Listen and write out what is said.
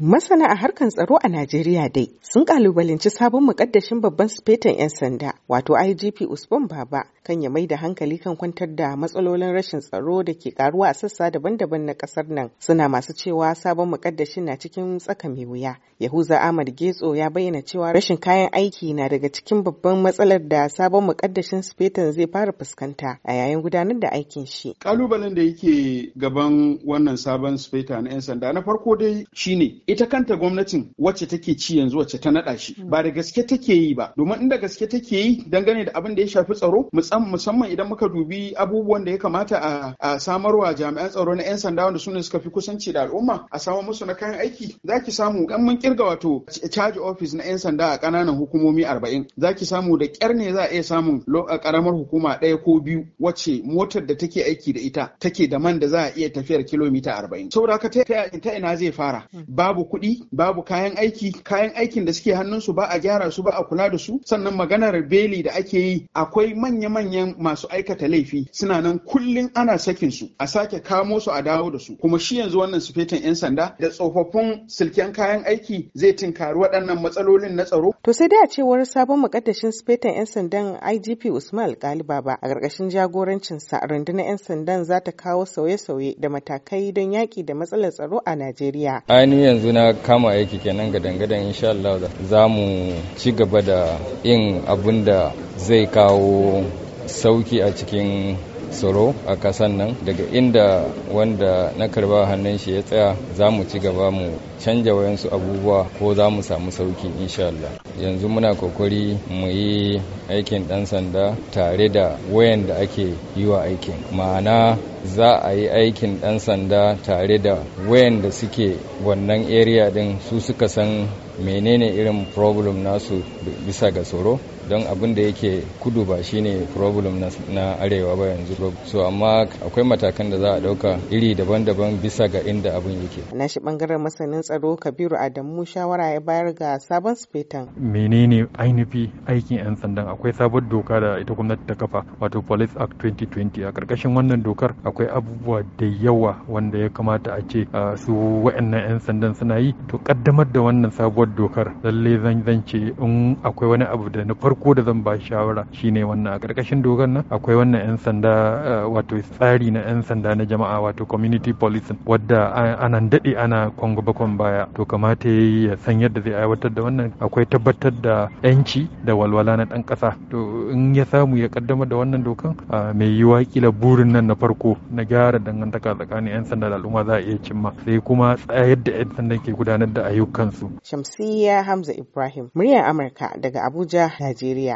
Masana a harkar tsaro a Najeriya dai sun kalubalanci sabon mukaddashin babban sufetan 'yan sanda wato IGP Usman Baba kan ya mai da hankali kan kwantar da matsalolin rashin tsaro da ke karuwa a sassa daban-daban na kasar nan suna masu cewa sabon mukaddashin na cikin tsaka mai wuya. Yahuza Ahmad Getso ya bayyana cewa rashin kayan aiki na daga cikin babban matsalar da sabon mukaddashin sufetan zai fara fuskanta a yayin gudanar da aikin shi. Kalubalen da yake gaban wannan sabon sufeta na 'yan sanda na farko dai shine ita kanta gwamnatin wacce take ci yanzu wacce ta naɗa shi ba da gaske take yi ba domin inda gaske take yi dangane da abin da ya shafi tsaro musamman idan muka dubi abubuwan da ya kamata a samarwa jami'an tsaro na 'yan sanda wanda sune suka fi kusanci da al'umma a samu musu na kayan aiki zaki samu kan mun kirga wato charge office na 'yan sanda a kananan hukumomi 40 zaki samu da kyar ne za a iya samun karamar hukuma ɗaya ko biyu wacce motar da take aiki da ita take da man da za a iya tafiyar kilomita 40 saboda haka ta ina zai fara hmm. babu babu kuɗi babu kayan aiki kayan aikin da suke hannunsu ba a gyara su ba a kula da su sannan maganar beli da ake yi akwai manya-manyan masu aikata laifi suna nan kullum ana sakin su a sake kamo su a dawo da su kuma shi yanzu wannan sufetin 'yan sanda da tsofaffin silken kayan aiki zai tinkari waɗannan matsalolin na tsaro. To sai dai a cewar sabon makaddashin sufetin 'yan sandan IGP Usman Alkali Baba a ƙarƙashin jagorancinsa rundunar 'yan sandan za ta kawo sauye-sauye da matakai don yaƙi da matsalar tsaro a Najeriya. Ainihin yanzu na kama aiki kenan ga dangadan insha Allah za mu ci gaba da yin abin da zai kawo sauki a cikin tsaro a kasan nan daga inda wanda na karba hannun shi ya tsaya za mu ci gaba mu canja wayansu abubuwa ko za mu samu sauki insha Allah yanzu muna kokari mu yi aikin dan sanda tare da wayan da ake yi wa aikin ma'ana za a yi aikin dan sanda tare da wayan da suke wannan area din su suka san menene irin problem nasu bisa ga tsaro don abin da yake kudu ba shine problem na arewa ba yanzu so amma akwai matakan da za a dauka iri daban-daban bisa ga inda abin yake na shi bangaren masanin tsaro kabiru adamu shawara ya bayar ga sabon spetan menene ainihi aikin yan sandan akwai sabon doka da ita gwamnati ta kafa wato police act 2020 a karkashin wannan dokar akwai abubuwa da yawa wanda ya kamata a ce su wa'annan yan sandan suna yi to kaddamar da wannan sabuwar dokar lalle zan zance in akwai wani abu da na farko farko da zan ba shawara shine wannan a ƙarƙashin dogon nan akwai wannan 'yan sanda eh, wato tsari na 'yan sanda na jama'a wato community policing wadda ana daɗe ana kwango bakon baya to kamata ya san yadda zai aiwatar da wannan akwai tabbatar da 'yanci da walwala na ɗan ƙasa to in ya samu ya kaddamar da wannan dokan mai yi kila burin nan na farko na gyara dangantaka tsakanin 'yan sanda da al'umma za a iya cimma sai kuma tsayar da 'yan sanda ke gudanar da ayyukansu. Shamsiyya Hamza Ibrahim, muryar Amurka daga Abuja, Najeriya. Siria. Ya.